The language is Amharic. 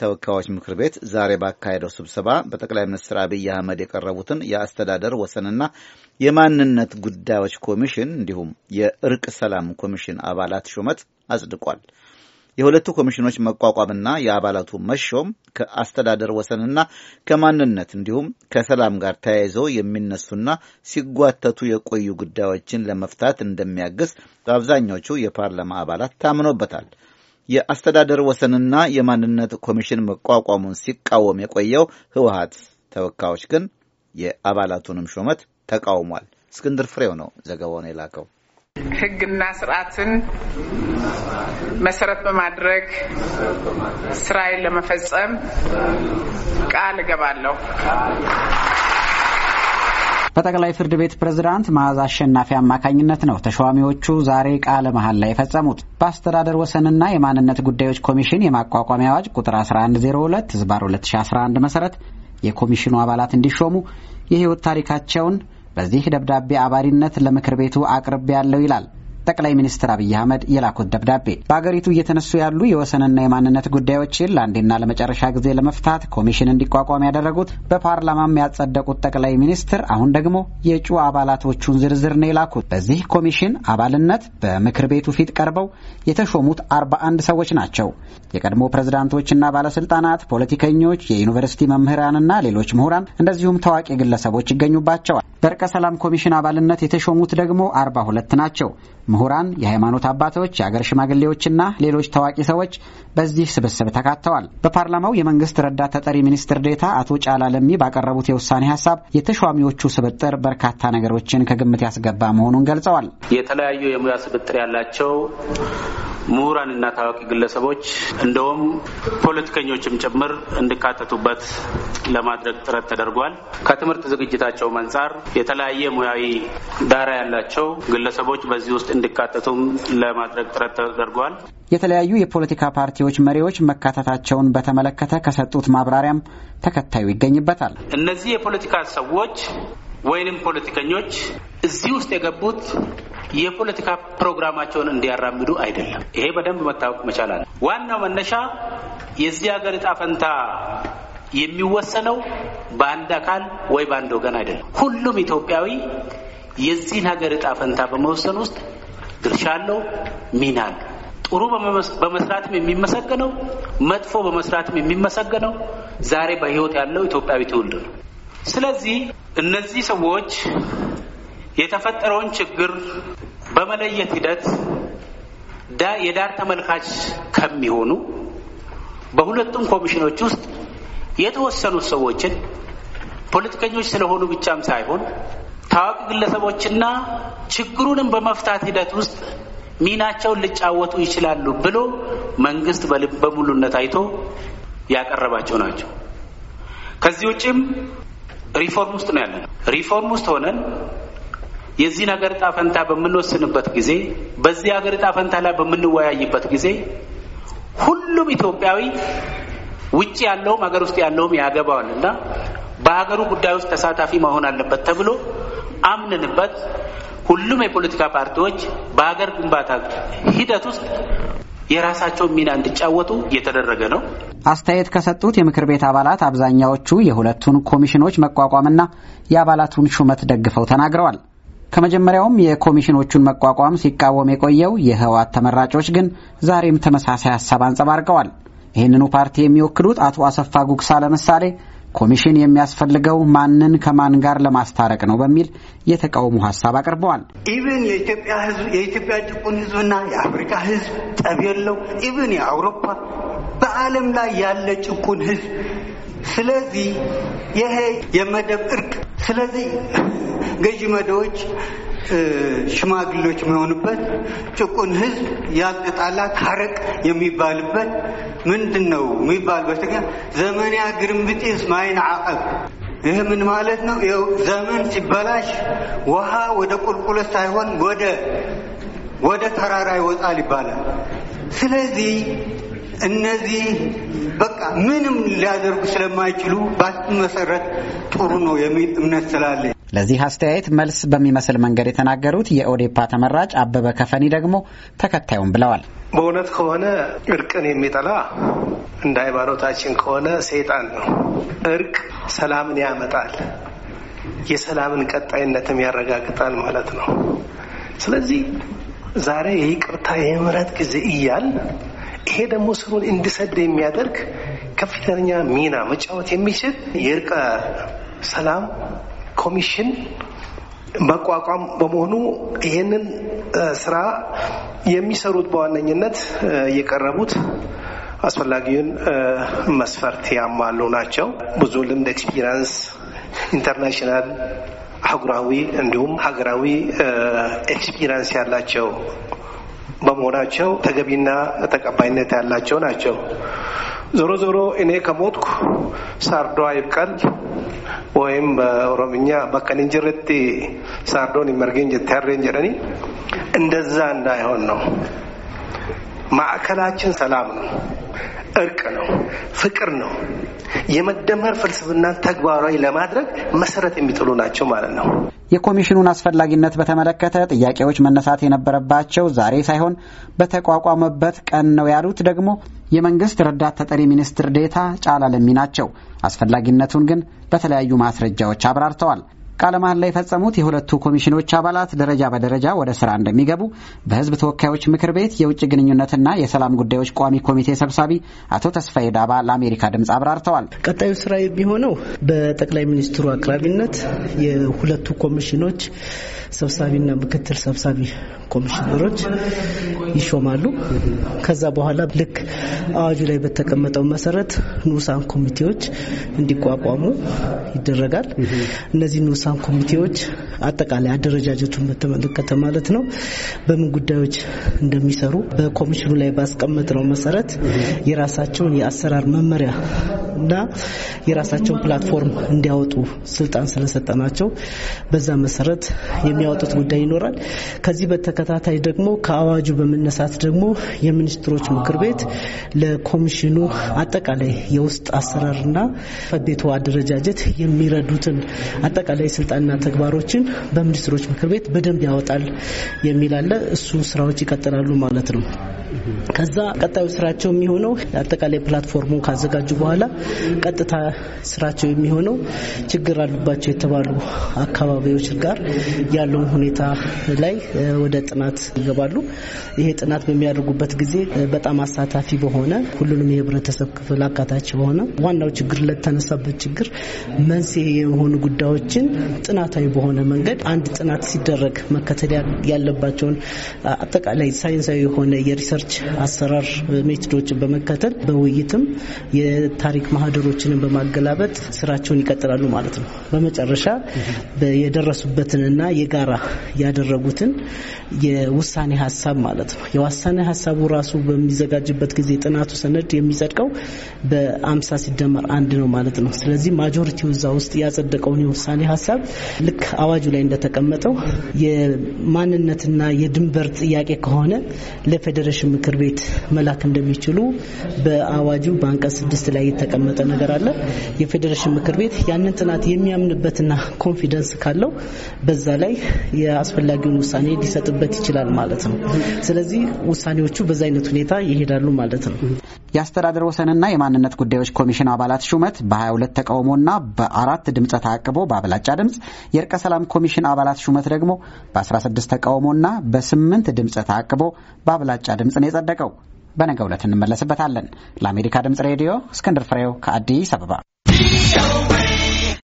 ተወካዮች ምክር ቤት ዛሬ ባካሄደው ስብሰባ በጠቅላይ ሚኒስትር አብይ አህመድ የቀረቡትን የአስተዳደር ወሰንና የማንነት ጉዳዮች ኮሚሽን እንዲሁም የእርቅ ሰላም ኮሚሽን አባላት ሹመት አጽድቋል። የሁለቱ ኮሚሽኖች መቋቋምና የአባላቱ መሾም ከአስተዳደር ወሰንና ከማንነት እንዲሁም ከሰላም ጋር ተያይዘው የሚነሱና ሲጓተቱ የቆዩ ጉዳዮችን ለመፍታት እንደሚያግዝ በአብዛኞቹ የፓርላማ አባላት ታምኖበታል። የአስተዳደር ወሰንና የማንነት ኮሚሽን መቋቋሙን ሲቃወም የቆየው ህወሀት ተወካዮች ግን የአባላቱንም ሹመት ተቃውሟል። እስክንድር ፍሬው ነው ዘገባውን የላከው። ህግና ስርዓትን መሰረት በማድረግ ስራዬን ለመፈጸም ቃል እገባለሁ። በጠቅላይ ፍርድ ቤት ፕሬዝዳንት መዓዛ አሸናፊ አማካኝነት ነው ተሿሚዎቹ ዛሬ ቃለ መሀል ላይ የፈጸሙት። በአስተዳደር ወሰንና የማንነት ጉዳዮች ኮሚሽን የማቋቋሚ አዋጅ ቁጥር 1102 ዝባር 2011 መሰረት የኮሚሽኑ አባላት እንዲሾሙ የህይወት ታሪካቸውን በዚህ ደብዳቤ አባሪነት ለምክር ቤቱ አቅርቤ ያለው ይላል። ጠቅላይ ሚኒስትር አብይ አህመድ የላኩት ደብዳቤ በአገሪቱ እየተነሱ ያሉ የወሰንና የማንነት ጉዳዮችን ለአንዴና ለመጨረሻ ጊዜ ለመፍታት ኮሚሽን እንዲቋቋም ያደረጉት በፓርላማም ያጸደቁት ጠቅላይ ሚኒስትር አሁን ደግሞ የእጩ አባላቶቹን ዝርዝር ነው የላኩት። በዚህ ኮሚሽን አባልነት በምክር ቤቱ ፊት ቀርበው የተሾሙት አርባ አንድ ሰዎች ናቸው። የቀድሞ ፕሬዝዳንቶችና ባለስልጣናት፣ ፖለቲከኞች፣ የዩኒቨርሲቲ መምህራንና ሌሎች ምሁራን እንደዚሁም ታዋቂ ግለሰቦች ይገኙባቸዋል። በእርቀ ሰላም ኮሚሽን አባልነት የተሾሙት ደግሞ አርባ ሁለት ናቸው። ምሁራን፣ የሃይማኖት አባቶች፣ የአገር ሽማግሌዎችና ሌሎች ታዋቂ ሰዎች በዚህ ስብስብ ተካተዋል። በፓርላማው የመንግስት ረዳት ተጠሪ ሚኒስትር ዴታ አቶ ጫላ ለሚ ባቀረቡት የውሳኔ ሀሳብ የተሿሚዎቹ ስብጥር በርካታ ነገሮችን ከግምት ያስገባ መሆኑን ገልጸዋል። የተለያዩ የሙያ ስብጥር ያላቸው ምሁራንና ታዋቂ ግለሰቦች እንደውም ፖለቲከኞችም ጭምር እንዲካተቱበት ለማድረግ ጥረት ተደርጓል። ከትምህርት ዝግጅታቸውም አንጻር የተለያየ ሙያዊ ዳራ ያላቸው ግለሰቦች በዚህ ውስጥ እንዲካተቱም ለማድረግ ጥረት ተደርጓል። የተለያዩ የፖለቲካ ፓርቲዎች መሪዎች መካተታቸውን በተመለከተ ከሰጡት ማብራሪያም ተከታዩ ይገኝበታል። እነዚህ የፖለቲካ ሰዎች ወይንም ፖለቲከኞች እዚህ ውስጥ የገቡት የፖለቲካ ፕሮግራማቸውን እንዲያራምዱ አይደለም። ይሄ በደንብ መታወቅ መቻል አለ። ዋናው መነሻ የዚህ ሀገር እጣ ፈንታ የሚወሰነው በአንድ አካል ወይ በአንድ ወገን አይደለም። ሁሉም ኢትዮጵያዊ የዚህን ሀገር እጣ ፈንታ በመወሰን ውስጥ ድርሻ አለው፣ ሚና አለው። ጥሩ በመስራትም የሚመሰገነው፣ መጥፎ በመስራትም የሚመሰገነው ዛሬ በህይወት ያለው ኢትዮጵያዊ ትውልድ ነው። ስለዚህ እነዚህ ሰዎች የተፈጠረውን ችግር በመለየት ሂደት የዳር ተመልካች ከሚሆኑ በሁለቱም ኮሚሽኖች ውስጥ የተወሰኑ ሰዎችን ፖለቲከኞች ስለሆኑ ብቻም ሳይሆን ታዋቂ ግለሰቦችና ችግሩንም በመፍታት ሂደት ውስጥ ሚናቸውን ሊጫወቱ ይችላሉ ብሎ መንግስት በሙሉነት አይቶ ያቀረባቸው ናቸው። ከዚህ ውጭም ሪፎርም ውስጥ ነው ያለነው። ሪፎርም ውስጥ ሆነን የዚህን ሀገር ዕጣ ፈንታ በምንወስንበት ጊዜ በዚህ ሀገር ዕጣ ፈንታ ላይ በምንወያይበት ጊዜ ሁሉም ኢትዮጵያዊ ውጭ ያለውም ሀገር ውስጥ ያለውም ያገባዋል እና በሀገሩ ጉዳይ ውስጥ ተሳታፊ መሆን አለበት ተብሎ አምንንበት ሁሉም የፖለቲካ ፓርቲዎች በሀገር ግንባታ ሂደት ውስጥ የራሳቸውን ሚና እንዲጫወቱ እየተደረገ ነው። አስተያየት ከሰጡት የምክር ቤት አባላት አብዛኛዎቹ የሁለቱን ኮሚሽኖች መቋቋምና የአባላቱን ሹመት ደግፈው ተናግረዋል። ከመጀመሪያውም የኮሚሽኖቹን መቋቋም ሲቃወም የቆየው የህወሓት ተመራጮች ግን ዛሬም ተመሳሳይ ሀሳብ አንጸባርቀዋል። ይህንኑ ፓርቲ የሚወክሉት አቶ አሰፋ ጉግሳ ለምሳሌ ኮሚሽን የሚያስፈልገው ማንን ከማን ጋር ለማስታረቅ ነው በሚል የተቃውሞ ሀሳብ አቅርበዋል። ኢቭን የኢትዮጵያ ህዝብ የኢትዮጵያ ጭቁን ህዝብና የአፍሪካ ህዝብ ጠብ የለው ኢቭን የአውሮፓ በዓለም ላይ ያለ ጭቁን ህዝብ ስለዚህ ይሄ የመደብ እርቅ ስለዚህ ገዢ መደዎች ሽማግሌዎች የሚሆኑበት ጭቁን ህዝብ ያቅጣላ ታረቅ የሚባልበት ምንድን ነው የሚባል በተገ ዘመንያ ግርምብጢስ ማይን ዓቀብ ይህ ምን ማለት ነው? ይኸው ዘመን ሲበላሽ ውሃ ወደ ቁልቁለት ሳይሆን ወደ ወደ ተራራ ይወጣል ይባላል። ስለዚህ እነዚህ በቃ ምንም ሊያደርጉ ስለማይችሉ ባትመሰረት ጥሩ ነው የሚል እምነት ስላለ ለዚህ አስተያየት መልስ በሚመስል መንገድ የተናገሩት የኦዴፓ ተመራጭ አበበ ከፈኒ ደግሞ ተከታዩም ብለዋል። በእውነት ከሆነ እርቅን የሚጠላ እንደ ሃይማኖታችን ከሆነ ሰይጣን ነው። እርቅ ሰላምን ያመጣል፣ የሰላምን ቀጣይነትም ያረጋግጣል ማለት ነው። ስለዚህ ዛሬ የይቅርታ የምህረት ጊዜ እያል ይሄ ደግሞ ስሩን እንዲሰድ የሚያደርግ ከፍተኛ ሚና መጫወት የሚችል የእርቀ ሰላም ኮሚሽን መቋቋም በመሆኑ ይህንን ስራ የሚሰሩት በዋነኝነት የቀረቡት አስፈላጊውን መስፈርት ያሟሉ ናቸው። ብዙ ልምድ፣ ኤክስፒሪንስ፣ ኢንተርናሽናል፣ አህጉራዊ እንዲሁም ሀገራዊ ኤክስፒሪንስ ያላቸው በመሆናቸው ተገቢና ተቀባይነት ያላቸው ናቸው። ዞሮ ዞሮ እኔ ከሞትኩ ሳርዶ አይብቀል ወይም በኦሮምኛ በከንንጅርቲ ሳርዶን ይመርገኝ ጀታሬን ጀረኒ እንደዛ እንዳይሆን ነው። ማዕከላችን ሰላም ነው። እርቅ ነው፣ ፍቅር ነው። የመደመር ፍልስፍናን ተግባራዊ ለማድረግ መሰረት የሚጥሉ ናቸው ማለት ነው። የኮሚሽኑን አስፈላጊነት በተመለከተ ጥያቄዎች መነሳት የነበረባቸው ዛሬ ሳይሆን በተቋቋመበት ቀን ነው ያሉት ደግሞ የመንግስት ረዳት ተጠሪ ሚኒስትር ዴታ ጫላ ለሚ ናቸው። አስፈላጊነቱን ግን በተለያዩ ማስረጃዎች አብራርተዋል። ቃለ መሃላ የፈጸሙት የሁለቱ ኮሚሽኖች አባላት ደረጃ በደረጃ ወደ ስራ እንደሚገቡ በህዝብ ተወካዮች ምክር ቤት የውጭ ግንኙነትና የሰላም ጉዳዮች ቋሚ ኮሚቴ ሰብሳቢ አቶ ተስፋዬ ዳባ ለአሜሪካ ድምፅ አብራርተዋል። ቀጣዩ ስራ የሚሆነው በጠቅላይ ሚኒስትሩ አቅራቢነት የሁለቱ ኮሚሽኖች ሰብሳቢና ምክትል ሰብሳቢ ኮሚሽነሮች ይሾማሉ። ከዛ በኋላ ልክ አዋጁ ላይ በተቀመጠው መሰረት ንዑሳን ኮሚቴዎች እንዲቋቋሙ ይደረጋል። እነዚህ ንዑሳን ኮሚቴዎች አጠቃላይ አደረጃጀቱን በተመለከተ ማለት ነው በምን ጉዳዮች እንደሚሰሩ በኮሚሽኑ ላይ ባስቀመጥነው መሰረት የራሳቸውን የአሰራር መመሪያ እና የራሳቸውን ፕላትፎርም እንዲያወጡ ስልጣን ስለሰጠናቸው በዛ መሰረት የሚ የሚያወጡት ጉዳይ ይኖራል። ከዚህ በተከታታይ ደግሞ ከአዋጁ በመነሳት ደግሞ የሚኒስትሮች ምክር ቤት ለኮሚሽኑ አጠቃላይ የውስጥ አሰራርና ቤቱ አደረጃጀት የሚረዱትን አጠቃላይ ስልጣንና ተግባሮችን በሚኒስትሮች ምክር ቤት በደንብ ያወጣል የሚል አለ። እሱ ስራዎች ይቀጥላሉ ማለት ነው። ከዛ ቀጣዩ ስራቸው የሚሆነው አጠቃላይ ፕላትፎርሙን ካዘጋጁ በኋላ ቀጥታ ስራቸው የሚሆነው ችግር አሉባቸው የተባሉ አካባቢዎች ጋር ያሉ ባለውም ሁኔታ ላይ ወደ ጥናት ይገባሉ። ይሄ ጥናት በሚያደርጉበት ጊዜ በጣም አሳታፊ በሆነ ሁሉንም የህብረተሰብ ክፍል አካታች በሆነ ዋናው ችግር ለተነሳበት ችግር መንስኤ የሆኑ ጉዳዮችን ጥናታዊ በሆነ መንገድ አንድ ጥናት ሲደረግ መከተል ያለባቸውን አጠቃላይ ሳይንሳዊ የሆነ የሪሰርች አሰራር ሜቶዶችን በመከተል በውይይትም የታሪክ ማህደሮችንም በማገላበጥ ስራቸውን ይቀጥላሉ ማለት ነው። በመጨረሻ የደረሱበትንና የጋራ እንዲቀራ ያደረጉትን የውሳኔ ሀሳብ ማለት ነው። የውሳኔ ሀሳቡ ራሱ በሚዘጋጅበት ጊዜ ጥናቱ ሰነድ የሚጸድቀው በአምሳ ሲደመር አንድ ነው ማለት ነው። ስለዚህ ማጆሪቲው እዛ ውስጥ ያጸደቀውን የውሳኔ ሀሳብ ልክ አዋጁ ላይ እንደተቀመጠው የማንነትና የድንበር ጥያቄ ከሆነ ለፌዴሬሽን ምክር ቤት መላክ እንደሚችሉ በአዋጁ በአንቀጽ ስድስት ላይ የተቀመጠ ነገር አለ። የፌዴሬሽን ምክር ቤት ያንን ጥናት የሚያምንበትና ኮንፊደንስ ካለው በዛ ላይ የአስፈላጊውን ውሳኔ ሊሰጥበት ይችላል ማለት ነው። ስለዚህ ውሳኔዎቹ በዛ አይነት ሁኔታ ይሄዳሉ ማለት ነው። የአስተዳደር ወሰንና የማንነት ጉዳዮች ኮሚሽን አባላት ሹመት በ22 ተቃውሞና በአራት ድምፀ ተአቅቦ በአብላጫ ድምፅ፣ የእርቀ ሰላም ኮሚሽን አባላት ሹመት ደግሞ በ16 ተቃውሞና በ8 ድምፀ ተአቅቦ በአብላጫ ድምፅ ነው የጸደቀው። በነገ ዕለት እንመለስበታለን። ለአሜሪካ ድምፅ ሬዲዮ እስክንድር ፍሬው ከአዲስ አበባ